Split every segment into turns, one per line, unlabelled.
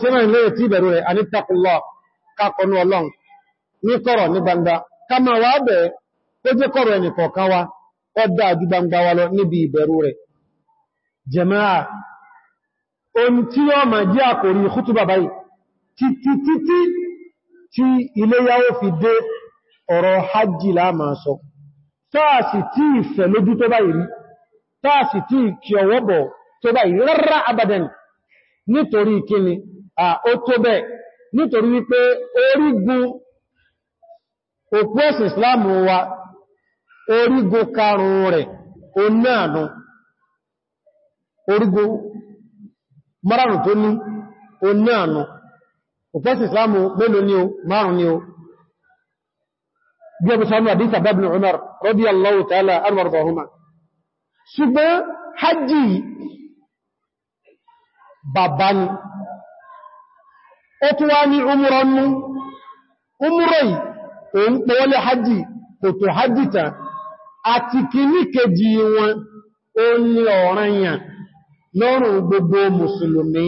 sẹ́mọ̀ ilé tí ìbẹ̀rù rẹ̀ anítàkùnlọ kákọnú ọlọ́run ní kọ̀rọ̀ ní gbangba ká ma wá bẹ̀ ó jẹ́ kọ̀rọ̀ ẹni kọ̀ọ̀kan wa ó dá ju gbangba wa lọ níbi ìbẹ̀rù rẹ̀ jẹmáà ohun tí ó ma jẹ́ àkòrí khutba báyìí títí títí ọ̀rọ̀ hajji tí ìfẹ̀ lójú tó báyìí rí táàsì tí ìkì ọwọ́bọ̀ tó báyìí rárá abadan nítorí kíni A tó bẹ́ẹ̀ nítorí wípé orígun òpó ẹ̀sìn wa orígun karùn-ún rẹ̀ o orígun márùn-ún tó ní o náà mélòó ní o márùn ní o bí ọbí sọ́nà àdísà ibn Umar radiyallahu hajji Baba ni ó tún wá ní umúrọ mú umúrọ yìí o ń pọ̀ wọlé hajji kò tó hajji ta àti kìíní kejì wọn ó ní ọ̀ranyàn lọ́rùn gbogbo mùsùlùmí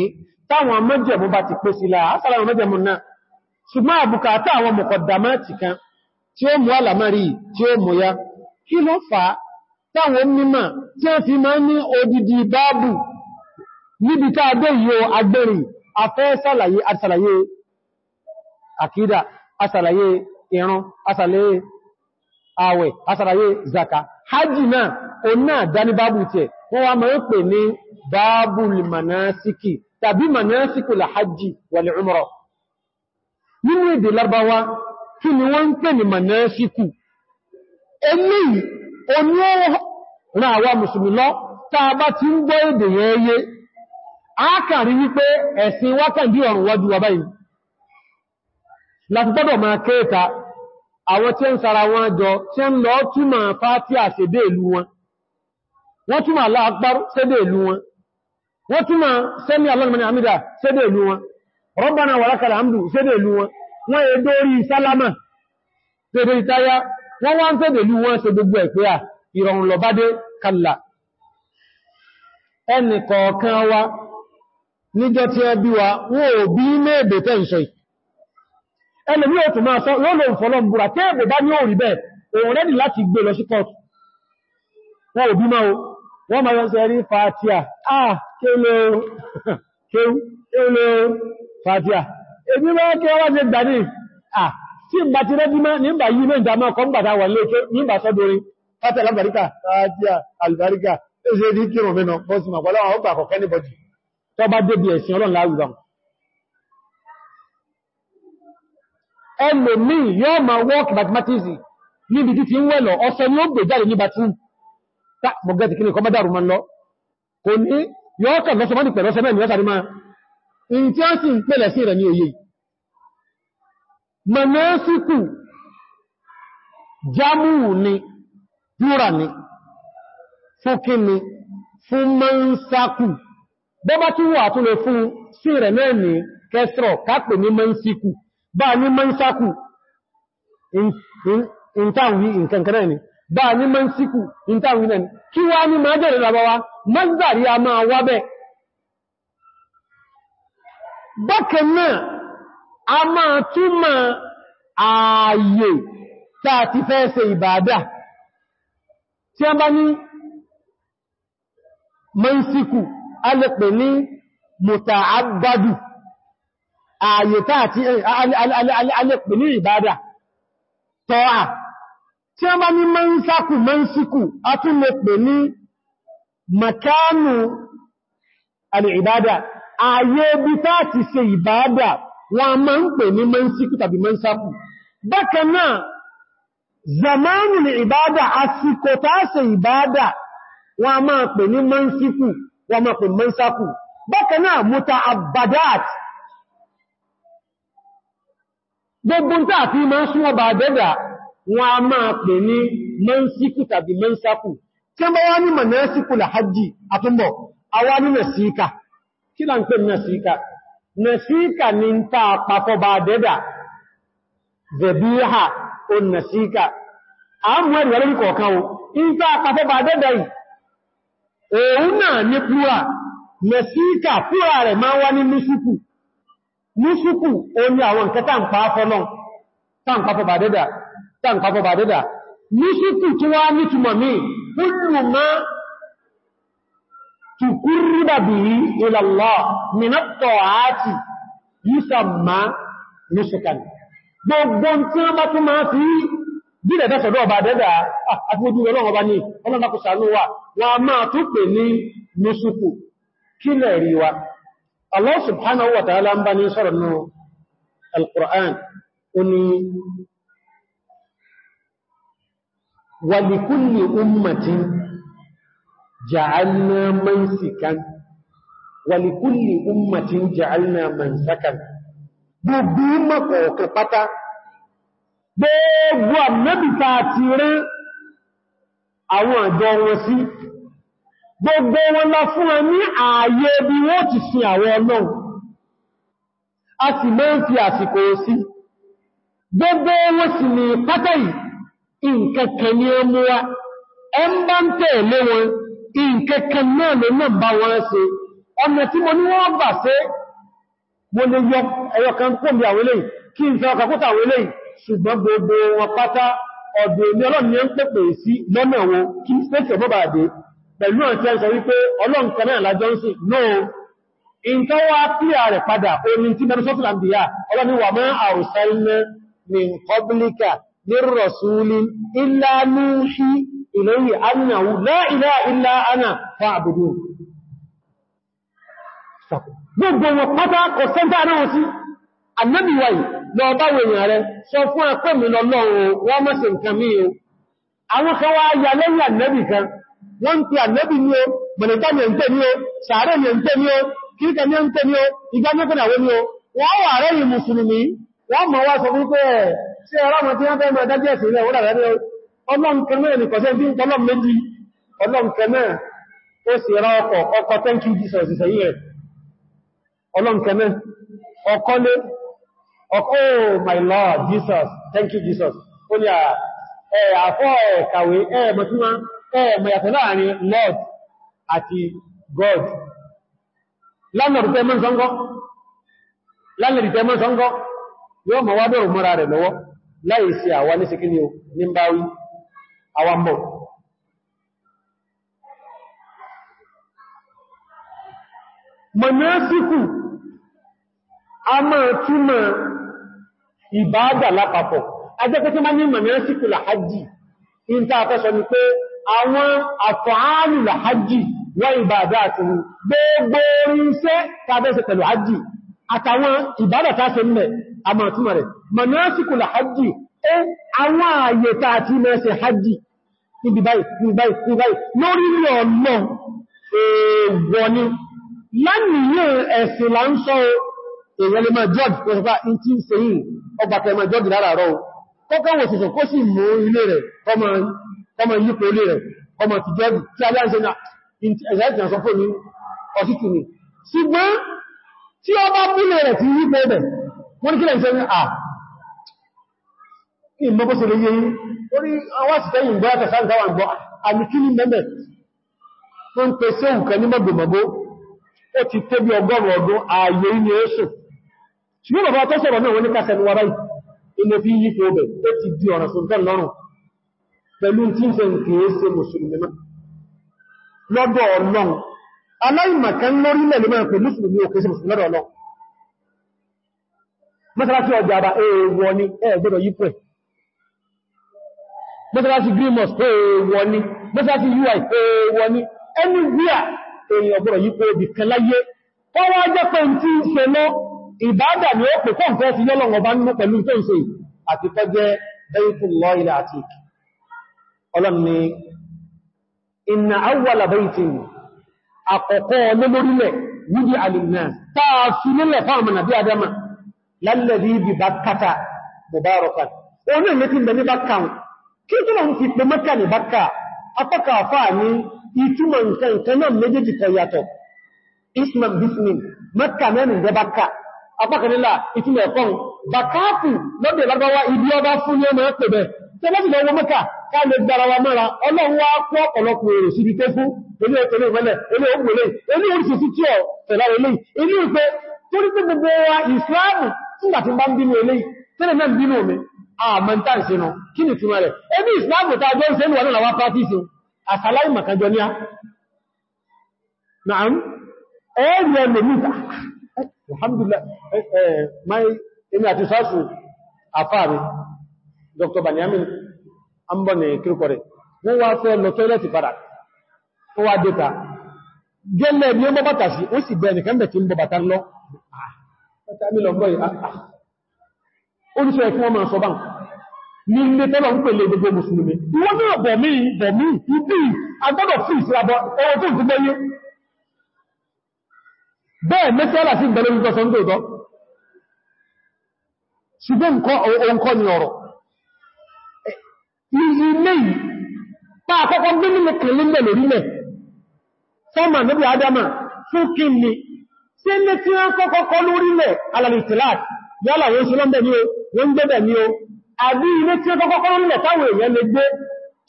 táwọn mẹ́jẹ̀mú bá ti pé sílá asàlàwọn mẹ́jẹ̀mú náà ṣùgbọ́n àbùkátà àwọn tí ó mú ya kí ló fà táwọn mímọ̀ tí ó fi máa odidi báàbù níbi afẹ́ sàlàyé àṣàlàyé àkídà àṣàlàyé ìran àṣàlàyé àwẹ̀ àṣàlàyé zaka hajji náà o náà dání bábù tẹ̀ wọ́n wá máa pè ní bábùl manásíkì tàbí manásíkù làhajji wal umra nínú èdè Lárúbáwá kí ni wọ́n ń pè ní manásíkù eléyìí oní ọ̀rọ̀ àwọn ákàrí wípé ẹ̀sìn wákàndí ọ̀rùn wájú wa báyìí láti gbọ́dọ̀ máa kéèta àwọn tí ó ń sara wọn jọ tí ó ń lọ túnmọ̀ fátíà sédé ìlú wọn wọ́n túnmọ̀ aláàpár sédé ìlú wọn wọ́n túnmọ̀ sẹ́mi alọ́nàmọ́ni àmìdà sédé ìlú wọn rọ́bàna wàlákàlà àmdù sédé ìlú wọn wọ́n èdè orí sálámà sédé ìtayá wọ́n wá ń sédé ìlú wọn ṣe gbogbo ẹ̀pẹ́ à ìrọ̀rùn lọ bá dé kàlà ẹnì kọ̀ọ̀kan wa níjọ tí ẹ bí wa wó bí méèbè tẹ́ ìṣọ́ ẹlùmí ò tún máa sọ yóò lòun fọ́lọ́m búra tẹ́ẹ̀bẹ̀ bá ní òrì bẹ́ẹ̀ òun rẹ́dì láti gbé lọ sí kọ́ọ̀tù wọ́n ò bí máa o wọ́n máa yọ́nsẹ̀ rí fàtíà ah kéèlò fàtíà èmi máa kí wọ́n ṣe gbà ní ah tí n bá ti rẹ́dì máa ní bà yí méjì àmọ́ ọkọ̀ ń gbàdá wà lé ní tó bá débi ẹ̀sìn ọlọ́run láwùgbà ẹlòmí yóò ma work mathematics níbi títí ń wẹ́lọ ọsẹ ni ó gbè jáde ní batú tá mọ̀gẹ́tì kí ní kọ́ mọ́dàrú ma ń lọ kò ní yóò kà lọ́sọ mọ́dì pẹ̀lú ọsẹ mẹ́rin lọ́sàrí máa in tí ó sì ń pẹ̀lẹ̀ sí rẹ̀ ní òye mọ̀nẹ́síkù jámù ni púra ni fún bọ́bá tí wà tún lè fún sí rẹ̀ náà ní kẹsìrọ̀ kápẹ̀ ní mọ́nsíkù bá ní mọ́nsákù ìntàwí ìkankanáà ni bá ní mọ́nsíkù ìntàwí náà ni kí wá ní máa jẹ́rẹ̀ labawa mọ́sàrí a máa wá bẹ́ bákan náà a máa túnmà ààyè tàà ti mọ́nsíkù a lè pè ní muta'abbadu àyètà àti a lè pè ní ìbádà tọ́à tí a bá ní mọ́ńsákù mọ́ńsíkù a tún lè pè ní makánù al'ibada ayé bí táàtì ṣe ìbádà wọn máa ń pè ní mọ́ńsíkù tàbí mọ́ńsákù zamanu ni ìbádà àsìkò tá ṣe ìbádà wọn máa pè ní wọ́n mọ́ pè mọ́nsákù bákanáà múta àbádáàt gbogbo ń tàà fi máa súnmọ́ bá dẹ́dà wọn a máa pè ní mọ́nsíkù tàbí mọ́nsákù tí wọ́n wá ní mọ̀násíkù làhájì àtúnbọ̀ awá ní kí là ń pè ni ń ta òun náà ní púra mẹ̀síkà púra rẹ̀ máa wá ní lúsùkù lúsùkù o ní àwọn nǹkan tàǹpá fọ́nà tàǹpá fọ́bà dédà tàǹpá fọ́bà dédà lúsùkù tó wá ní túnmọ̀ mí kúrù má tukúrúbà bí ila Allah minatọ̀ àti yúsàmá lúsùkà gbogbo tí wọ́n bá tún máa fi bílẹ̀ dẹ́sọ̀dọ́ ọba dẹ́dà àtúgbójú ọlọ́run ọba ní ọlọ́run kò sàánú wa wọ́n a máa tó pè ní nusuku kí lẹ̀ rí wa Allah subhanahu wa ta'ala ń bá ní sọ̀rọ̀ nù al-Qur'an ó ní wa li kulli ummatin ja'alna mansikan wa li kulli ummatin pátá gbogbo àmẹ́bìta ti rán àwọn àjọ wọn sí gbogbo wọn lọ fún wọn ní ààyè bí wọ́n ti sin àwọn ọlọ́run a sì mọ́ ń fi àsìkò sí gbogbo wọn sì ní pátá yìí nǹkankan ní ọmọ wa ẹ ń bá ń tẹ̀lé wọn nǹkankan náà lè náà bá wọn ṣe ọmọ tí mo ní wọ́n bà ṣe mo lè yọ ẹyọkan pọ̀ bí àwọn eléyìí kí n fẹ́ ọkàkútà àwọn eléyìí ṣùgbọ́n gbogbo wọn pátá ọ̀dọ̀ ní ọlọ́run yẹn ń pèpè sí lọ́nà wọn kí stéṣẹ̀ bọ́bà dé pẹ̀lú ọ̀tí ẹ̀ sọ wípé ọlọ́run kan náà lájọ́ ń sìn náà nǹkan wá píà rẹ̀ padà omi tí mẹ́rin sọ́tún àbíyà ọlọ́run wà mọ́ àrùsálẹ́ ní kọ́bílíkà ní rọ̀súlí ilá núhí ìlórí annáwó láìlá ilá ánà fa àbùdó gbogbo wọn pátá sẹ́ntà náà sí annabiwayi lọ báwo èèyàn rẹ sọ fún akọ́mì lọ́lọ́run wọ́n mọ́ sí nǹkan mí o àwọn kan wá ya lẹ́yìn ànẹ́bì kan wọ́n ń pè ànẹ́bì ní o gbẹ̀lẹ̀gbà ní ẹ̀ntẹ́ ní o sàárẹ̀ ní ẹ̀ntẹ́ ní o kíríkà ní ẹ̀ntẹ́ ní o igbá mẹ́kànlá o wọ́n wà rẹ̀ yìí mùsùlùmí wọ́n mọ̀ wá ọkọ́lé Of, oh my Lord, Jesus, thank you Jesus. Ó ní àfọ́ ẹ̀kàwé ẹ̀mọ̀ tí eh ẹ̀mọ̀ yàtọ̀ láàrin Lord ati God. Lánàrí tẹ́mọ́ sọ́ngọ́, lánàrí tẹ́mọ́ sọ́ngọ́, yóò mọ̀ wá bẹ̀rù mọ́ra rẹ̀ lọ́wọ́ láì sí àwa ní síkí ní báwí, àwa mọ̀. Mọ̀nà síkù, a máa túnmọ̀ ìbáadà lápapọ̀. Ajẹ́kẹ́ tí máa ní mẹ̀mẹ̀rẹ́ síkù làhájì, in ta fẹ́ sọ ni pé àwọn àfàánù làhájì wọ́n ìbáadà àti rú, gbogbo irinṣẹ́ tàbẹ́sẹ̀ pẹ̀lú hájì, àtàwọn ìbáadà tá ṣe mẹ́ àmàtúmà rẹ̀. Mẹ̀mẹ̀rẹ́ síkù làhájì, ó àwọn ààyè tá ti mẹ́sẹ̀ hájì, níbi báyìí, níbi báyìí, níbi ẹ̀sìn là ń sọ èèyàn lè máa jọ́dì pẹ̀lú ọgbà kẹmọ ìjọ́gì láràárọ̀ kọ́kọ́wò sì sùn kó sì mú ilé rẹ̀ kọmọ yípo ilé rẹ̀ kọmọ ti jọ́gì tí a náà ẹ̀sẹ̀ sọ fún ní ọ̀sítì ni ṣùgbọ́n tí ọ bá búlé rẹ̀ ti yípo ẹ̀bẹ̀ wọ́n kílẹ̀ ìṣẹ́ ní à ní mọ́ bó ṣe lè yẹ yí orí àwọn àṣìṣẹ́ yìí gbọ́yàtọ̀ sáàgbà gbọ́ àmì kí ní mẹ́mẹ́ tó ń pèsè òǹkan ní mọ́gbòmọ́gbó ó ti tẹ́bí ọgọ́rùn ọdún ààyè ní oṣù ṣùgbọ́n bàbá tó sọ̀rọ̀ náà wọ́n ní kásẹ̀ ní wà báyìí ilẹ̀ fi yí fún ọbẹ̀ tó ti di ọ̀rọ̀ sọ̀tẹ́ lọ́rùn pẹ̀lú tí ń ṣe kìí ṣe mùsùlùmí má lọ́dọ̀ ọlọ́run aláìmọ̀kan lórí ilẹ̀ lọ́mọ pẹ̀lú mùsùlùmí ò kìí ṣe mùsùlùmí lọ́dọ̀ ọlọ́run mọ́sálásí ọjà àbá èèwọ̀ ni ẹ gbọ́dọ̀ yí pẹ̀ mọ́sálásí green anywhere èèyàn gbọ́dọ̀ yí pẹ̀ kan láyé kọ́wọ́ jẹ́ pẹ̀ tí ń ṣe lọ́ ìbádà ni ó pè kọ́ nǹkan fi lọ́lọ́wọ́ bá nínú pẹ̀lú tó ń ṣe àti kọ́ jẹ́ Baytullahi al-Atiq ọlọ́ni inna awwala baytin àkọ́kọ́ lólórílẹ̀ wúdí alìmìnà táà fi nílẹ̀ fáàmù nàbí adama lálẹ́rí bí Bakkata mubarakan oní ìlẹ́tí ń bẹ ní Bakka kí tó lọ fi pé bismin Mẹ́kà mẹ́rin jẹ́ Bakka apákanílà ìtúnlẹ̀ ẹ̀kọ́rùn bàkáàkù lọ́dẹ̀ lágbàwá ibi ọba fún ní ọmọ ẹ̀pẹ̀bẹ̀ tẹ́lẹ́bìnà owó mẹ́kà káàlẹ̀ gbarawa mẹ́ra ọlọ́run á kọ́ ọ̀pọ̀lọpọ̀ èrò síbi tó fún ilé ẹ̀tẹ̀lẹ̀ ìmẹ́lẹ̀ ilé ògbòlẹ̀ ilé oríṣìí tí ọ̀ tẹ̀lá ilé ilé ìpẹ́ tó rí pé gbogbo wa ìsìláàmù fúngbà tí bá ń bínú ilé tẹ́lẹ̀ náà bínú omi àmọ́ntà ìsinú kí ni túnmọ̀ rẹ̀ ẹbí ìsìláàmù tá jọ ń sẹ́nu wà náà wá pàtíṣì àsàláì màkàjọ ní á alhamdulillah eh, eh, my èmi àti sáàsù àfáàrí dr banyamin ambọ̀nì kírùkọ̀ rẹ̀ wọ́n wá fẹ́ lọ tọ́lẹ̀tì padà wọ́n wá dẹ́ta gẹ́lẹ̀ ní ọmọ bàtà o ó sì bẹ̀ẹ̀nì kẹ́m̀bẹ̀ o ń bọ bàtà lọ ah, ah. ní ilé tọ́lọ̀ ń pèlè gbogbo mùsùlùmí. Ìwọ́n tó rọ̀ bọ̀ mí, bọ̀ mí, ibi, agbọ́dọ̀ fún ìsìnàbọ̀, ọwọ́ tó ń gbogbo yé, bẹ́ẹ̀ mẹ́sílá sí ìgbẹ̀lẹ̀ ìgbẹ̀ sọ nítòótọ́ ṣùgbọ́n nǹkan ni ọ̀rọ̀ ilé yìí pa àkọ́kọ́ mímọ̀ kìlílẹ̀ lórílẹ̀ níbi adama fún kí ni tí ní o o ilé tí wọ́n kọ́kọ́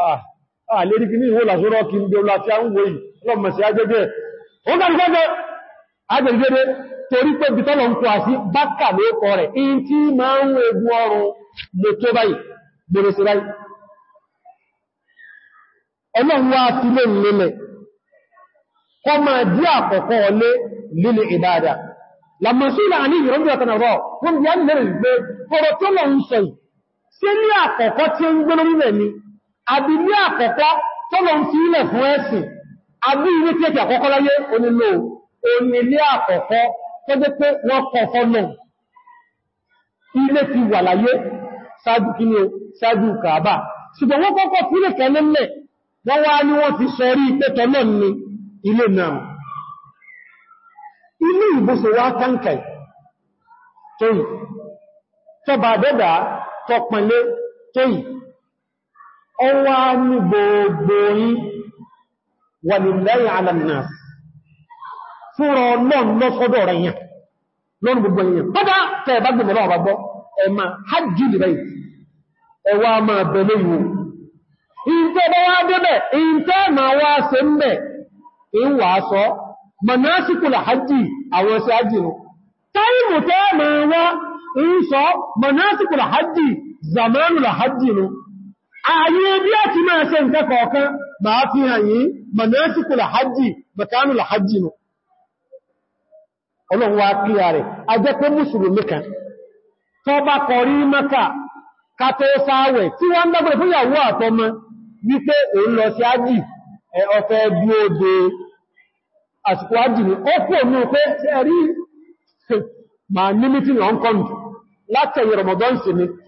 àlérí ah, ah, kí ní ìwò làṣọ́rọ̀ kí ní bí ọlá tí a ń wò yìí lọ́mọ̀ sí ajẹ́gẹ́ òun dájú gẹ́gẹ́ ajẹ́gẹ́gẹ́ torí pé bí tọ́lọ̀ ń kọ́ àti bákà ló kọ rẹ̀ in tí máa ń egun ọrùn mo tó báyìí bẹ̀rẹ̀ sí báyìí ọlọ́run wá fi lè nílẹ̀ kọ máa dí àkọ́kọ́ ọlé lílẹ̀ ìbáadà lamọ̀sílà ní ìrọ̀mí ọ̀tọ̀nà rọ̀ wọ́n bí á kọ̀rọ̀ tó lọ ń sọ yìí sí ní àkọ́kọ́ tí ó ń gbóná nílẹ̀ ni àbí ní àkọ́kọ́ tọ́lọ ń fi ilẹ̀ fún ẹ̀sìn àbí ilé tí ẹ̀kẹ́ àkọ́kọ́ láyé onílò onílé àkọ́kọ́ tó jẹ́ pé wọ́n kọ̀ọ̀kọ́ náà ilé ti wà láyé ṣáájú kí ní ṣáájú kàábà ṣùgbọ́n wọ́n kọ́kọ́ fílẹ̀ kẹ́lẹ́lẹ̀ wọ́n wá ní wọ́n ti sọ rí pẹ́tọ̀ náà ọwá ní gbogbo yí wà ní lẹ́yìn alàmìnà fúnra ọlọ́n lọ́sọ́dọ̀ rẹ̀ yàn lọ́nà gbogbo yìnyàn pọ́dá tẹ́ẹ̀bá gbẹ̀mẹ̀lá ọ̀bá gbọ́ ẹ̀mà hajjú lè báyìí ẹwà máa bẹ̀lẹ̀ ìwò ìntẹ́ bá wá débẹ̀ ìntẹ́ ma wá hajji táìmù tẹ́ wá ń sọ manasikula hajji zamanula hajji nù ààyè bí a ti máa ṣe nǹkan kọ̀ọ̀kan ma a fi hàn yìí na làhájì makánù làhájì nù ọlọ́run wá kíyà rẹ̀ a jẹ́ pé mùsùlùmí kan tó bá kọrí mẹ́ta kàtó sáwẹ̀ tí wọ́n ń dágbẹ̀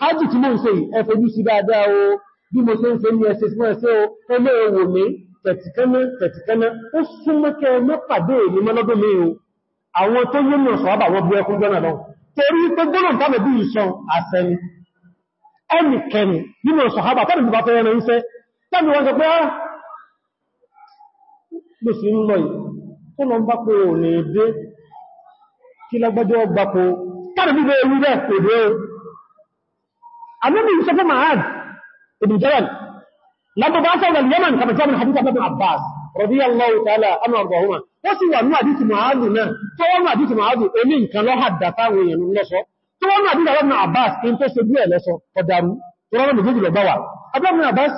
hajji tí mo ń ṣe ẹfojú sí dáadáa o bí mo ṣe ń ṣe ní ẹsẹ sí ẹsẹ o ẹlẹ́ owó mi tẹ̀tìkẹ́nà tẹ̀tìkẹ́nà ó súnmọ́kẹ́ mọ́pàdé ní mọ́lọ́dún mi o àwọn tó yé mọ̀ sọ àbàwọ́ bú ẹkún jọ́nà lọ torí pé gbọ́nà tàbí bí ìṣàn àṣẹni ẹnìkẹni nínú sọ̀hábà tàbí bí bá fẹ́ ẹran iṣẹ́ tàbí wọ́n sọ pé á lè sí ń lọ yìí tó lọ ń bá pé ò ní dé kí lágbàjọ́ gbapò tàbí bí annabi sọ fún ma'ad ibn jabal lọ́gbọ́ bá sọ ìgbàlì yaman kàbàtí ọmọ hadith abu abbas radiyallahu ta'ala anu arbahuma ó sì wà ní hadith ma'adu náà tó wọ́n ní hadith ma'adu omi nǹkan lọ hàdà táwọn èèyàn lọ́sọ tó wọ́n ní hadith abu abbas in tó sojú ẹ̀ lọ́sọ ọ̀dàrú tó rọ́rọ̀ méjì lọ bá wà abu abbas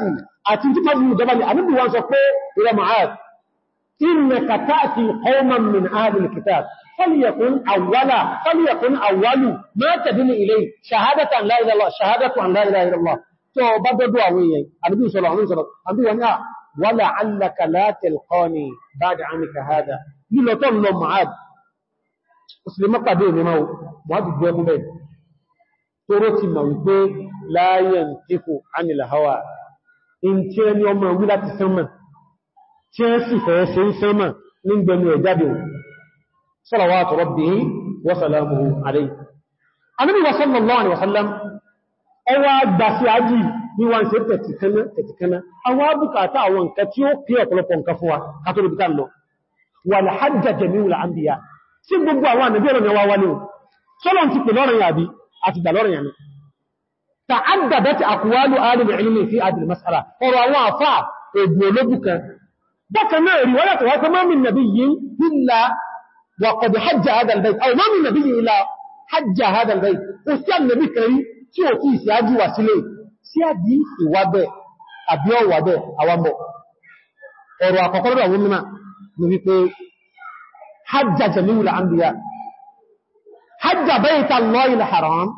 àti títọ́jú ìjọba ni annabi wọn sọ pé ìrẹ ma'ad إنك تأتي قوما من أهل الكتاب فليكن أولا فليكن أول ما تدل إليه شهادة أن لا إله إلا الله شهادة أن لا إله إلا الله تبدد دعوية النبي صلى الله عليه وسلم النبي قال آه. ولعلك لا تلقاني بعد عنك هذا لما تقول معاد أسلم قديم مو معاد الجواب بين ترتي موضي لا ينتف عن الهوى إن تيني أمر ولا تسمن tí ó sì fẹ́ ṣe ń sẹ́mà ní gbẹnu ẹ̀jáde salawatu rabbi wa salamuhu alayhi Ànábì sallallahu alaihi wasallam ọwá gbàsí ají ní wọ́n ṣe tẹ̀tìkaná tẹ̀tìkaná àwọn abúkàtà àwọn nǹkan tí bí káàlọ́ wà ní hajjá jami'ul sí gbogbo àwọn ànàbí ọ̀rọ̀ yẹwà wálé sọ́lọ̀ ti pè lọ́rọ̀ yàbí àti ìdàlọ́rọ̀ yàní ta'addadat aqwalu ahli al-ilmi fi hadhihi al ọ̀rọ̀ àwọn àfáà èdè olóbùkan bákan náà rí wọ́n látọ̀wọ́ pé mọ́mí nàbí yìí nílá wàkọ̀dù hajjá hadalbai aw mọ́mí nàbí yìí nílá hajjá hadalbai o sí ànàbí kẹrí tí ó tí ìsì ájú wà sílé sí àdí ìwábẹ̀ àbí ọwàbẹ̀ àwambọ̀ ọ̀rọ̀ àkọ́kọ́rọ̀ àwọn mímá ni wípé hajjá jami'ul anbiya hajjá bayta Allahi al-haram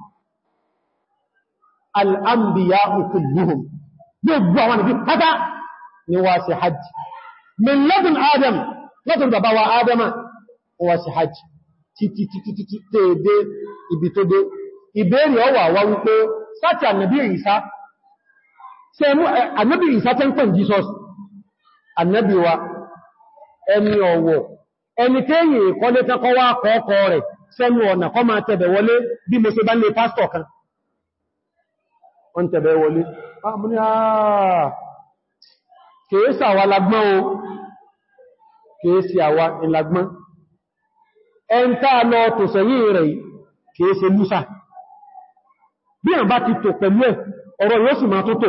al-anbiya kulluhum gbogbo àwọn nàbí ni wá min ladun adam látọ̀rọ̀ bàbá wa adama wà sí hajj títítítítítẹ́ ibi tó dé ìbéèrè ọwà wá wípé sáti ànàbí ìsá ànàbí ìsá tẹ́ ń pè jesus ànàbí wa ẹni ọ̀wọ̀ ẹni tẹ́yìn ìkọlé tẹ́kọ́ kọ́ kan kìí sí àwa ìlàgbọ́n ẹn táà lọ tò sẹ̀yìn rẹ̀ kìí ṣe lúsà bí àbá ti tò pẹ̀lú ẹ̀ ọ̀rọ̀ yóò sì máa tó tò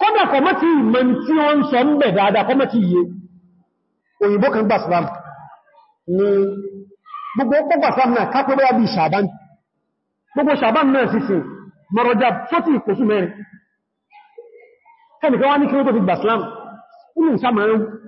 kọ́dà kọmọ́tí ìmọ̀ tí wọ́n ń sọ ń bẹ̀ dáadáa kọmọ́tí iye òyìnbó kan gbàsìlám ní gbogbo pọ́gbàsìlám náà kápẹ́rẹ́ bí ṣàbán gbogbo ṣàbán náà sì sí mọ́rọ̀já sọ́tí ìkòsù mẹ́rin kẹ́nìkan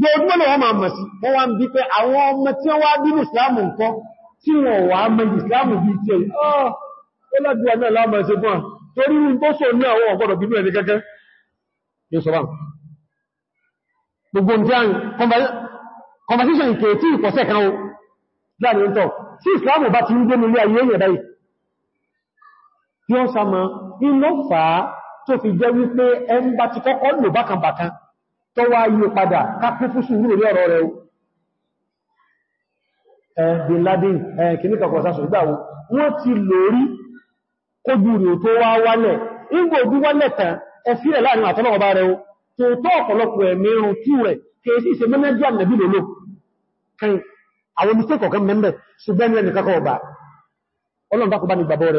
bí ojúmọ́ lọ wọ́n máa mọ̀ sí wọ́n wá ń bí pé àwọn ọmọ tí wọ́n wá bí ní ìsìláàmù nǹkan tí wọ́n ah, wà mọ̀ ìsìláàmù bí tí ó lágbíwà náà láàmà ṣe fún à torí ní tó sọ ní àwọn ọ̀gọ́dọ̀ bínú ẹni kẹ́kẹ́ gbogbo ní conversation ìkè tí ìpọ̀sẹ̀ kan láàrin tọ́ tí ìsìláàmù bá ti ń gbé nílé ayé èyàn báyìí tí ó sàmà inú fàá tó fi jẹ́ wípé ẹn bá ti kọ́kọ́ tó wá yíò padà kápí fúsù ní orí ọ̀rọ̀ rẹ̀ bin Laden kìníkà kọ̀sásùn gbáwó wọ́n ti lórí kójú rí tó wá wálẹ̀ ingbò bí wálẹ̀ tán ẹfílẹ̀ láàrin àtọ́lọ́wọ́bá rẹ̀ tó tó ọ̀pọ̀lọpọ̀ ẹ̀mẹ́rún tú rẹ̀ kèèsí ìṣẹ́ mẹ́mẹ́díà nẹ̀bí lòlò kan àwọn mistake kọ̀ọ̀kan mẹ́mẹ́ ṣùgbọ́n rẹ̀ nìkan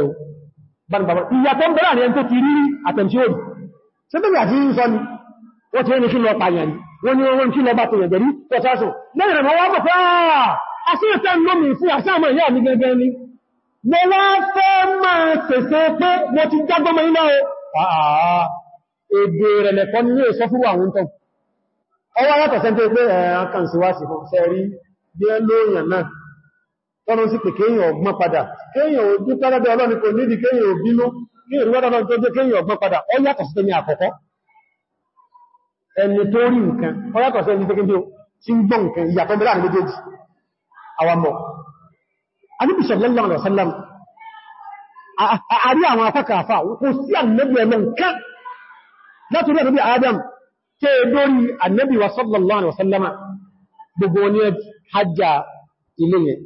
tó ti wọ́n ti rẹ̀ ní kí lọ pààyàn wọ́n ni wọ́n kí lọ bá tèèyàn gẹ̀rí pọ̀tásùn lẹ́yìn rẹ̀ wọ́n pọ̀pọ̀ àṣíyàtẹ́ lómi fún àṣàmà ìyá mi gẹ́gẹ́ ni mo wá fẹ́ máa tẹ̀sẹ̀ pé mo ti jágbọ́mọ̀ ilá o èdè rẹ̀ lẹ̀kọ́ ní ilé ìsọ fúrú àwọn tán ọwọ́ látọ̀ sẹ́ pé ẹ̀ẹ́kan sí wá sí fún sẹ́rí bí ẹ lóòyàn náà tọ́nà sí pé kéèyàn ọgbọ́n padà kéèyàn ojú tọ́lọ́bẹ̀ ọlọ́ni kò nídìí kéèyàn òbínú ní ìrúwọ́dọ́dọ́ tó jẹ́ kéèyàn ọgbọ́n padà ọ yàtọ̀ sí tẹ́mi àkọ́kọ́ ẹni tó rí nǹkan ọyàtọ̀ sí ẹni tẹ́kẹ́ tí ń gbọ́ nǹkan ìyàtọ̀ bẹ̀rẹ̀ àwọn méjèèjì àwàmọ̀. Ànábì sallallahu alaihi wasallam àárí àwọn afẹ́kàfà kò sí ànábì ẹmọ nǹkan látòrí ànábì Adam tẹ́ lórí ànábì wa sallallahu alaihi wasallam gbogbo ní hajjá ilé yẹn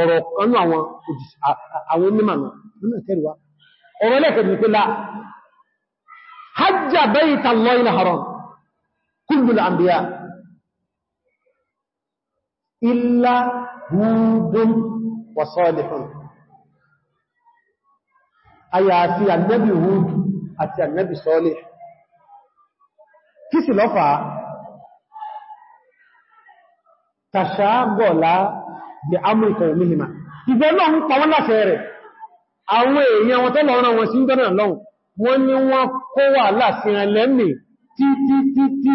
ọ̀rọ̀ kanú àwọn onímọ̀nà ọ̀rọ̀ lẹ́kẹ̀ẹ́ كل الأنبياء إلا هود وصالح أي أتي النبي هود أتي النبي صالح كيس لفع تشاغل بأمر قومهما ìgbẹ́ náà ń pàwọ́n láṣẹ rẹ̀ àwọn èèyàn wọn tọ́lọ ọ̀nà wọn sí ń gbẹ́nà lọ́wọ́ wọ́n ní wọ́n kó wà láṣẹ ẹlẹ́mì títítítí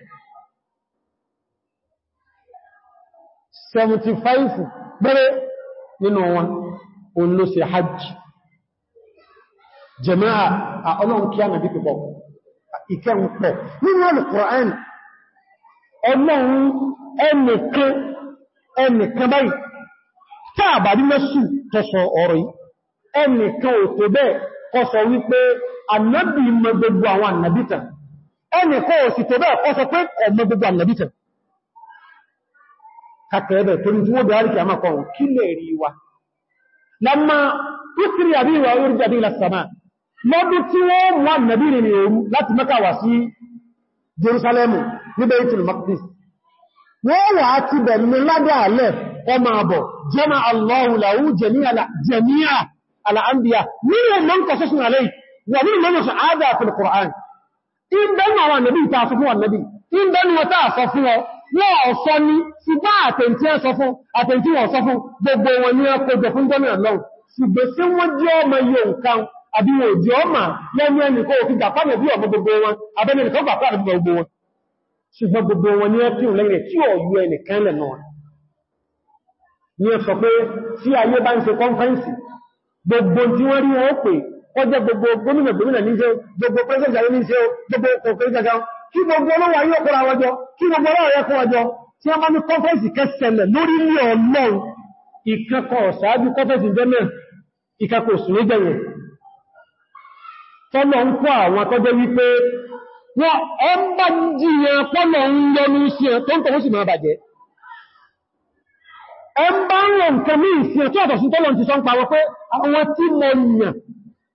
75 pẹ́rẹ́ nínú wọn òun ló hajj jẹmáà a ọlọ́run kí a nàbí pípọ̀ ìkẹ́ ń pọ̀ nínú al ọlọ́run ẹnìkan ẹnìkan báyìí táà bà ní mẹ́sù tọ́sọ ọ̀rọ̀ yìí ẹnìkan ò bẹ́ẹ̀ kọsọ wípé ànábì mọ gbogbo àwọn ànàbìtàn ẹnìkan kọsọ pé ọmọ gbogbo kàtẹ̀ẹ̀bẹ̀ tó ní tí wó bẹ̀rẹ̀ kìí àmàkọ̀ kí lè rí wa. lọ́mà ìsìrí àbí ìwà orí jẹ́ bí lásàmà lọ́dún tí wọ́n mọ́ nàbí ní ooru láti Mẹ́kà wá sí Jerusalem ní Baitul Maqdis wọ́n wà ti bẹ̀rẹ̀ ládàálẹ̀ ọmọ àbọ̀ jẹ́mà Allahu lahu jami'a al wọ́n ọ̀sọ́ ní ṣùgbọ́n àtẹ̀ntí ẹ̀ sọ fún àtẹ̀ntí wọ́n sọ fún gbogbo wọn ní ọkọ̀jọ fún gómìnà lọ́wọ́ ṣùgbọ́n sí wọ́n jẹ́ ọmọ iye nǹkan àbí wọ́n jẹ́ ọmọ lẹ́nu ẹnìkọ́ òfin jàpánà bí ọmọ gbogbo wọn abẹ́nìkan gbàpá àti gbogbo wọn ṣùgbọ́n gbogbo wọn ní ẹkùn lẹ́yìn tí ó yú ẹnìkan lẹ̀ náà ní ẹ sọ pé tí ayé bá ń ṣe kọ́nfẹ́ǹsì gbogbo tí wọ́n rí wọ́n pè ọjọ́ gbogbo gómìnà gómìnà ní ṣe gbogbo pẹ́sẹ̀ kí gbogbo ọlọ́wọ́ ayé ọkọ̀ àwọjọ kí gbogbo ọlọ́wọ́ ẹ̀kọ́ ọjọ́ tí a máa ní kọ́fẹ́sì kẹsẹ̀lẹ̀ lórí ní ọlọ́run ìkẹ́kọ̀ọ́ sáájú kọ́fẹ́sì jẹ́mẹ̀ ìkẹ́kọ̀ọ́ sùnúgbẹ̀yìn tọ́lọ ń kọ́ àwọn tọ́jẹ́ wípé wọ́n ọ́n bá jíyàn pọ́lọ ń ní ìsìn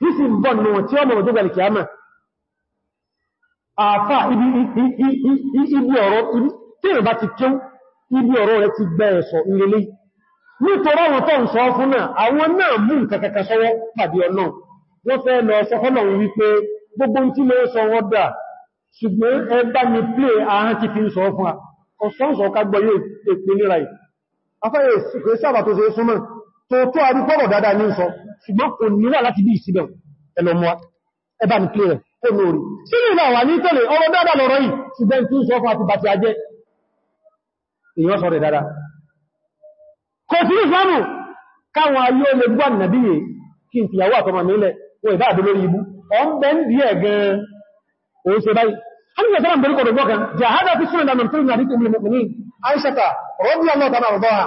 sísì ń bọ̀ nù tí ọmọ ọdún gbẹ̀lì kìámà àfà ibi ọ̀rọ̀ tí ìrìnbá ti kéw ibi ọ̀rọ̀ rẹ̀ ti gbẹ̀ ẹ̀sọ̀ ìrẹ̀lé nítorọ̀ wọn tó ń sọ fún náà àwọn náà mú kàkàkà sọ́wọ́ pàdé ọ̀nà wọ́n fẹ́ lọ sọ́kọ́lọ̀ wípé gbogbo tí lè sọ wọ́n dà ṣùgbọ́n ẹ bá mi plé ààrùn ti fi ń sọ fún ọ̀sán sọ ká yóò èpè níra ì afẹ́ èsì sábà tó ṣe súnmọ́ tó tó arúgbọ́rọ̀ dáadáa ní sọ ṣùgbọ́n kò níwà láti bí ìsìbẹ̀ ẹlọmọ́wà ẹbá ní pé rẹ̀ ó lórí sí ní ìlà wà ní tẹ́lẹ̀ ọ̀rọ̀ dáadáa lọ́rọ̀ yìí ṣùgbọ́n tí ń sọ fún àti ajẹ́ èèyàn sọ rẹ̀ dáadáa ọ a nígbà sọ́nà bẹ̀rẹ̀ kọ̀dọ̀gbọ́ kan jẹ́ àádọ́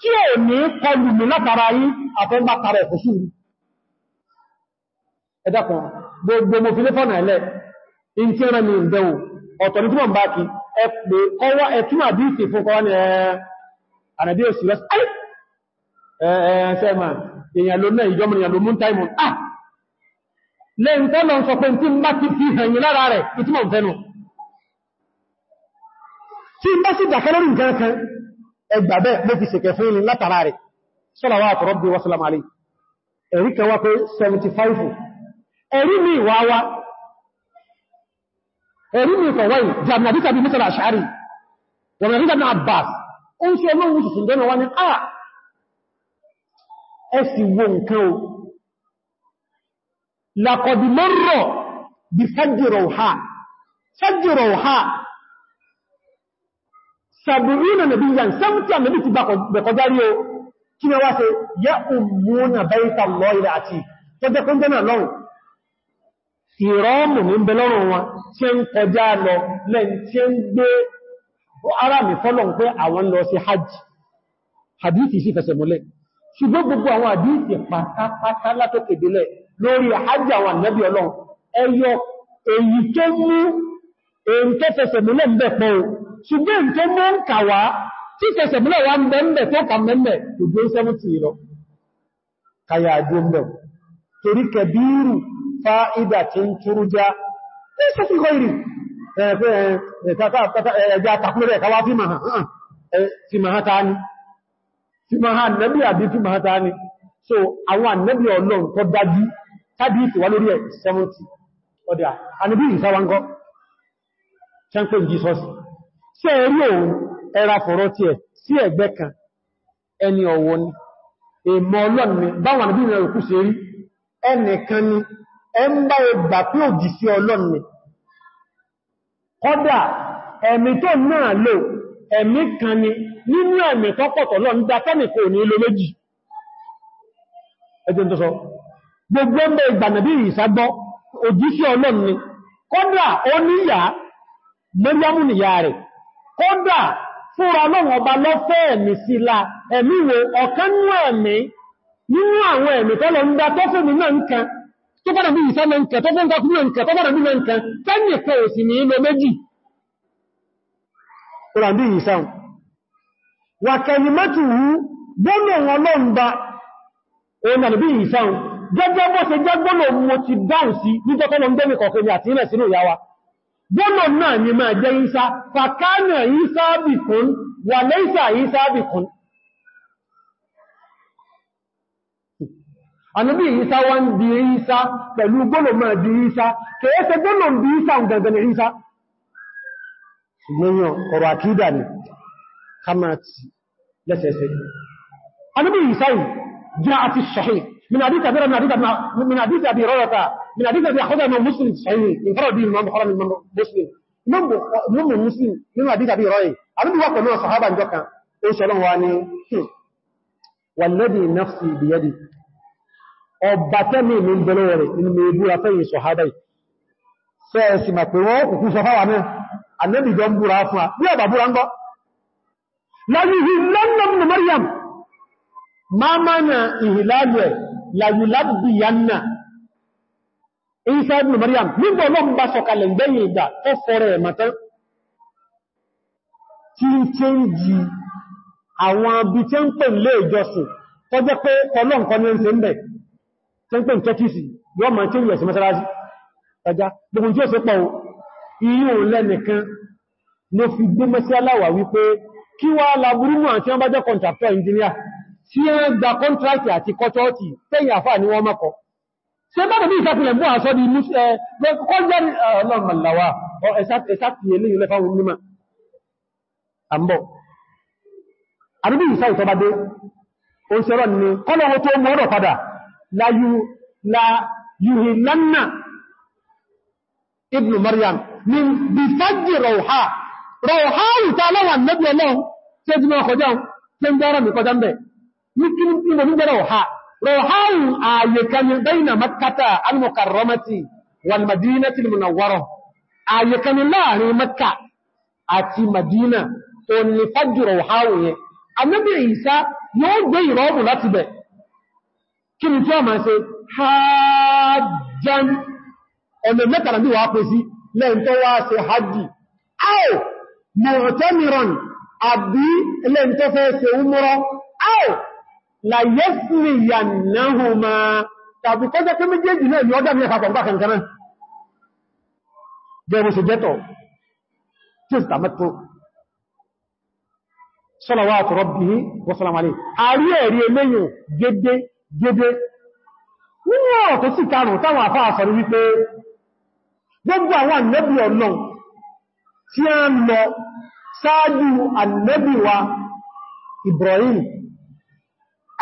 tí ò ní kọlù mi látara yí àfẹ́gbà tara ẹ̀kù sí ẹ̀dàkùn gbogbo mo fi lé fọ́nà ẹ̀lẹ́ in tí ẹran mi ìdẹ̀wò ọ̀tọ̀ ní túnmọ̀ bá kí ẹ̀pẹ̀ kọwa ẹ̀túnmà bí ìfẹ́ fún kọwa ní ànàbí òsì ah! rẹ̀ tí bá sì dàkẹ́ lórí nǹkan kan ẹgbàbẹ́ ló fi ṣèkẹ̀ fún ní látara rẹ̀ sọ́lọ̀wà àtọ̀rọ̀bí wasalam alẹ́ ẹ̀rí kẹwàá pé 75 ẹ̀rí mi wáwá ẹ̀rí mi fọ̀wọ́yìn jàmàdíta bí mítàlá àṣàrí jàmàdíta ní abbas ó ń ṣe ọlọ́run tuntun dẹ́nà wá ní sàbìrínà nàbí yàn sẹ́mùtí àmìlì ti bẹ̀kọjá rí o kí ni wá ṣe yẹ́ òmúnà bẹ́ẹ̀ta lọ ilẹ̀ àti tọ́jẹ́ kún jẹ́ náà lọ́rùn ìrọ́mù ní bẹ lọ́rùn wọn tí ń kọjá lọ lẹ́n hadithi sí fẹsẹ̀ múlẹ̀ ṣùgbọ́n gbogbo àwọn hadithi pátápátá látọ́kèdélẹ̀ lórí hajj àwọn ànábì ọlọ́run ẹyọ èyí tó mú èyí tó fẹsẹ̀ múlẹ̀ ṣùgbọ́n tó mọ́ ń kàwá tí tẹ̀sẹ̀ múlẹ̀ wá ń bẹ̀m̀bẹ̀ tó kà mẹ́mẹ̀ tó gbé 70 lọ kàyà àjò mẹ́ torí kẹbírù fa ìdà tí ń túrú já so àwọn ànẹ́bí ọlọ́run tó dájú tàbí ìtìwà lórí ẹ̀ 70 ọdá ànẹ́bí ìsáwángọ́ ṣe ń pè Jesus ṣe rí òun ẹra fọ̀rọ̀ tí ẹ̀ sí kan ẹni ọ̀wọ̀ ni èmọ̀ ọlọ́ni báwọn àbí ìrìnà òkú ṣe rí ẹnìkan ni ẹ ń bá ẹgbà pé òjì sí ọlọ́ni kọ́dà ẹ̀mí tó náà lò ẹ̀mí kan ni nínú ẹ̀mí tó kọ́dà ó níyà níyà rẹ̀ kódà fúnra lọ́wọ́ ọba lọ́fẹ́ ẹ̀mí síla ẹ̀mí wo ọ̀kan nú ẹ̀mí nínú àwọn ẹ̀mí tọ́lọ ń dá tó fún mi náà nǹkan tó fọ́nà bí ìsẹ́ mẹ́ nǹkan tó fún ká kúrò nǹkan tó fọ́nà bí nǹkan tẹ́yìn pé òsì ní ilé méjì ràbí ìsẹ́ wà kẹni mẹ́tù wú gbọ́nà wọn lọ́n bá ń gbẹ́mì gbọ́nà náà ni máa jẹ́ ìsá fàkánà ìsá bìkún wà lẹ́ìsà ìsá bìkún ànábì ìsá wá ń di ìsá pẹ̀lú gbọ́nà máa di ìsá kẹ́ẹ́sẹ gbọ́nà bí ìsá gangan ìsá ṣùgbọ́nyàn من حديث أبي من حديث أبي هريرة من حديث أبي أخذها من مسلم صحيح انفرد به الإمام الحرام من مسلم من مسلم من حديث أبي هريرة أبي وقت من الصحابة جوكا إن شاء الله واني والذي نفسي بيدي ọbátẹ́mì من بلوري من mẹ́búra fẹ́yìn sọ̀hábáì fẹ́ẹ̀sì mà pé wọ́n kùkú sọ fáwà náà annabi jọ ń búra fún a bí ọba búra ń gọ́ láyé ìhìlẹ́nà láyùlábìyànnà Isa ibn Maryam nígbà olóòm bá sọ̀kalẹ̀ gbẹ̀yìn ìgbà tó fọ́rẹ̀ ẹ̀mọ̀tán tí ń tẹ́ ń jí àwọn abí tẹ́ ń pè lé ìjọsìn tó jẹ́ pé ọlọ́nkan ní ẹ̀sẹ̀ ń bẹ̀ tẹ́ ń pè tẹ́kìsì yọ́ ma tí ìyẹ̀sì mẹ́sàrájì engineer tí ẹ gba kọ́ntrakì àti kọ́tọ́ọ̀tì tẹ́yìn àfà ní wọ́n mọ́kọ̀. ṣe bọ́bọ̀ bí ìsàkùnlẹ̀ mú àṣọ́ di ilé ibn maryam ni bí fàjì rọ̀há rọ̀há ìta lọ́wà nẹ́bí ọlọ́run tí ó jí mọ́ ọkọ̀já tí ó ń jẹ́ ọ̀rọ̀ mi kọjá ń bẹ̀ يمكن أن يكون روحاء روحاء آيكان بين مكة المكرمة والمدينة المنورة آيكان الله مكة àti Madina tó ní fàjúrò háwò yẹn. Annabi Isa yóò gbé ìrọ́bù láti bẹ̀. Kí ni tí ó máa ṣe? Hajjan ọmọ mẹ́tàrà bí wà pè sí lẹ́yìn tó wá ṣe hajji. Áò, mọ̀tẹ́mìràn àbí lẹ́yìn tó fẹ́ ṣe umúrọ láyẹ́sìnìyànnáhùnmá tàbí kọjá pé méjèèjì náà yọ́ dámi ẹ̀fà pàpàá kankaná gẹ̀rù sí jẹ́tọ̀ tí ó sì tàbátó sọ́lọ̀wà àtọ̀rọ̀bí wọ́sọ́lámàlẹ̀ àrí ẹ̀rí eléyìn gédé gédé nínú ọ̀rọ̀ tó sì karùn táwọn àfáà sọ wípé gbogbo àwọn ànẹ́bì ọ̀nà tí a ń lọ sáájú ànẹ́bì wa Ibrahim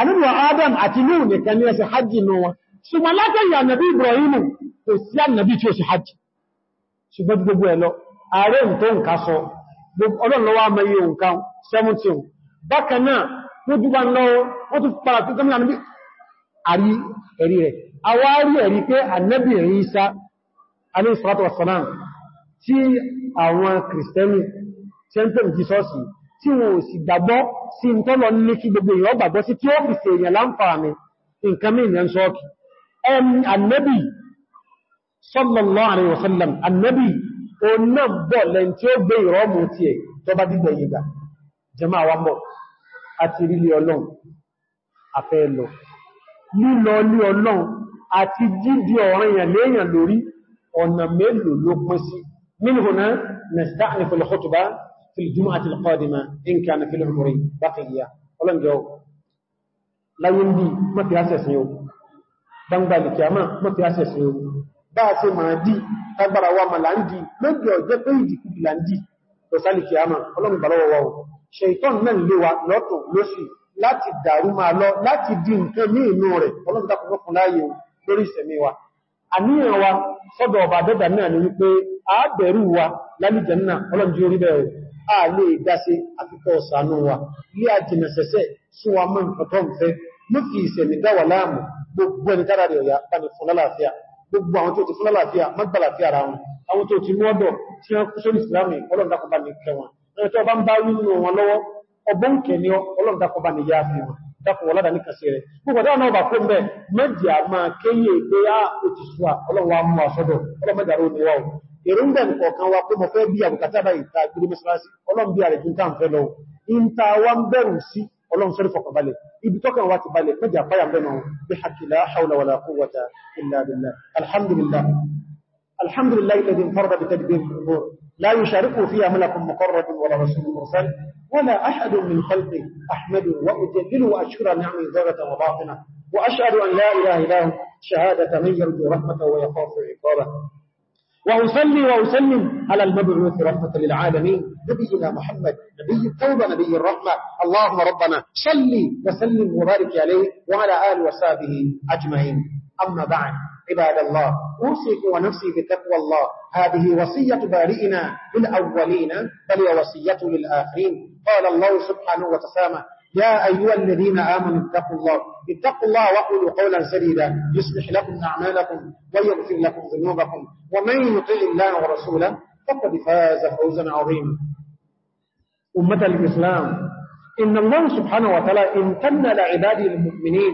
àníwà Adam àti Nuh nìkan ní ẹsẹ̀ hajji ní wọn ṣùgbọ́n látẹ̀yà nàbí Ibrahimu kò sí ànàbí tí ó sì hajji ṣùgbọ́n gbogbo ẹ̀lọ ààrẹ tó ń ká sọ ọlọ́lọ́wọ́ amáyé nǹkan 17 bákan náà wọ́n dúbà lọ́wọ́ wọ́n tún para tó tẹ́mìlà níbi àrí ẹ̀rí rẹ̀ àwárí ẹ̀rí pé ànẹ́bì Ìsá alayhi salatu wassalam tí àwọn kìrìsìtẹ́nì tí ẹ́ ń pè ní Jísọ́sì tí wọn ò sì gbàgbọ́ sí ń tọ́lọ ní kí gbogbo èèyàn gbàgbọ́ sí tí ó fi ṣe èèyàn láǹfààní nǹkan mìíràn sọ́ọ̀kì ẹni annabi sallallahu alaihi wasallam annabi o náà bọ̀ lẹ́n tí ó gbé ìrọ́mù tí ẹ̀ tó bá dìgbẹ̀ ìgbà jẹma wa mọ̀ àti rílé ọlọ́run afẹ́ lọ lílọ ní ọlọ́run àti dídí ọ̀rọ̀ èèyàn léèyàn lórí ọ̀nà mélòó ló pín sí minhuna nasta'nifu al-khutbah في الجمعة القادمة إن كان في العمر بقية ولن جو لا يندي ما في أساس يوم بانبا لكياما ما في أساس يوم بأس ما دي تبرا وما لاندي من جو جبيدي كبي لاندي وسالي كياما ولن بلو واو ṣètọ́n náà lè wà lọ́tọ̀ lóṣù láti dàrú máa lọ láti di nǹkan ní inú rẹ̀ ọlọ́dúnkọ́ fún láyé lórí ìsẹ̀mí wa àníyàn wa sọ́dọ̀ ọba dẹ́dà náà ni wípé ààbẹ̀rù wa lálìjẹ̀ náà ọlọ́dún orí bẹ̀rẹ̀ a lè dáṣe àfikọ́ ọ̀sánú wa lé àjìnàṣẹ́ṣẹ́ súnwà mọ́ ìfọ̀tọ́ ìfẹ́ mú fi ìsẹ̀mì dáwà láàmù gbogbo ẹni tára rẹ̀ ọ̀yà bá ní fúnlálàáfíà gbogbo àwọn tó ti fúnlálàáfíà mọ́gbàláfíà ara wọn àwọn tó ti mọ́dọ̀ tí wọ́n kú sórí ìsìlámì ọlọ́ndakọba ní kẹ wọn ẹni tó bá ń bá ni wọ́n èròǹgbà nìkọ̀ọ̀kan wa kó mọ̀ fẹ́ bí àbùkátàbà ìta gírí mẹ́sàlásí ọlọ́run bí ààrẹ jùntà ń fẹ́ lọ ìta wa ń bẹ̀rù sí ọlọ́run sọ́rí fọkànbalẹ̀ ibi tọ́kàn wa ti balẹ̀ mẹ́jà báyà bẹ́nà bí hakila haula wala quwwata illa billah alhamdulillah alhamdulillah alladhi infarada bi tadbir al-umur la yushariku fiha malakun muqarrab wala rasulun mursal wala ahadun min khalqi ahmadu wa ujallilu wa ashkura ni'mahu zahiratan wa batinatan wa ashhadu an la ilaha illa hu shahadatan man yarju rahmatahu wa yakhafu 'iqabahu وأصلي وأسلم على المبعوث رحمة للعالمين نبينا محمد نبي التوبة نبي الرحمة اللهم ربنا صلي وسلم وبارك عليه وعلى آل وصحبه أجمعين أما بعد عباد الله أوصيك ونفسي بتقوى الله هذه وصية بارئنا للأولين بل وصية للآخرين قال الله سبحانه وتسامح يا أيها الذين آمنوا اتقوا الله اتقوا الله وقولوا قولا سديدا يصلح لكم أعمالكم ويغفر لكم ذنوبكم ومن يطع الله ورسوله فقد فاز فوزا عظيما أمة الإسلام إن الله سبحانه وتعالى امتن لعباده المؤمنين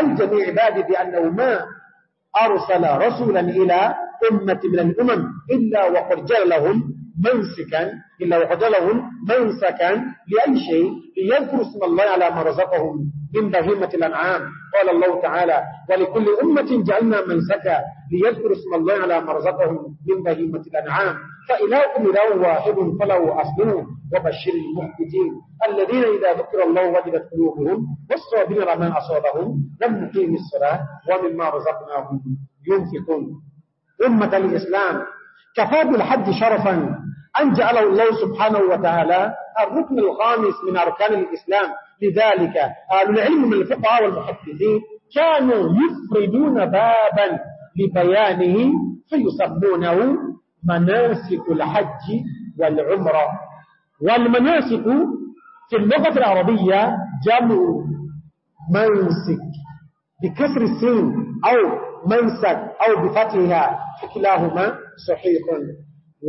أنجب جميع عباده بأنه ما أرسل رسولا إلى أمة من الأمم إلا وقد جعل لهم منسكا إلا وقد لهم منسكا لأي شيء ليذكر اسم الله على ما رزقهم من بهيمة الأنعام قال الله تعالى ولكل أمة جعلنا منسكا ليذكر اسم الله على ما رزقهم من بهيمة الأنعام فإلهكم إله واحد فله أسلموا وبشر المحبتين الذين إذا ذكر الله وجدت قلوبهم والصابين ما أصابهم لم نقيم الصلاة ومما رزقناهم ينفقون أمة الإسلام كفى بالحد شرفا أن جعله الله سبحانه وتعالى الركن الخامس من أركان الإسلام لذلك أهل العلم من الفقهاء والمحدثين كانوا يفردون بابا لبيانه فيسمونه مناسك الحج والعمرة والمناسك في اللغة العربية جمع منسك بكسر السين أو منسك أو بفتحها فكلاهما صحيح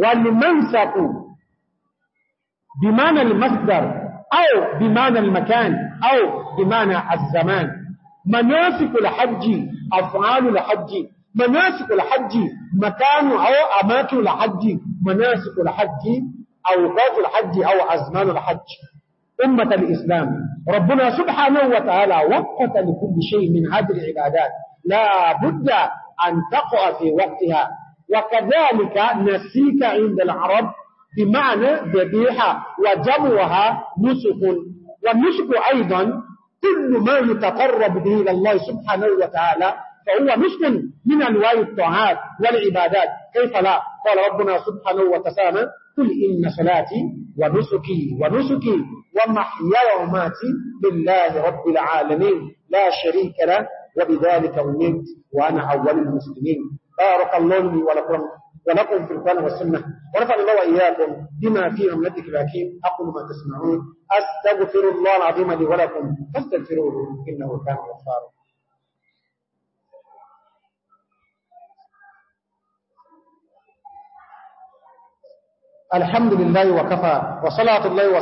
والمنسق بمعنى المصدر أو بمعنى المكان أو بمعنى الزمان مناسك الحج أفعال الحج مناسك الحج مكان أو أماكن الحج مناسك الحج أوقات الحج أو أزمان الحج أمة الإسلام ربنا سبحانه وتعالى وقت لكل شيء من هذه العبادات لا بد أن تقع في وقتها وكذلك نسيك عند العرب بمعنى ذبيحة وجمعها نسك والنسك أيضا كل ما يتقرب به إلى الله سبحانه وتعالى فهو نسك من أنواع الطاعات والعبادات كيف لا قال ربنا سبحانه وتعالى قل إن صلاتي ونسكي ونسكي ومحياي وماتي لله رب العالمين لا شريك له وبذلك أمنت وأنا أول المسلمين بارك الله لي ولكم ولكم في القرآن والسنة ورفع الله وإياكم بما في عملتك الحكيم أقول ما تسمعون أستغفر الله العظيم لي ولكم فاستغفروه إنه كان غفارا الحمد لله وكفى وصلاة الله وسلم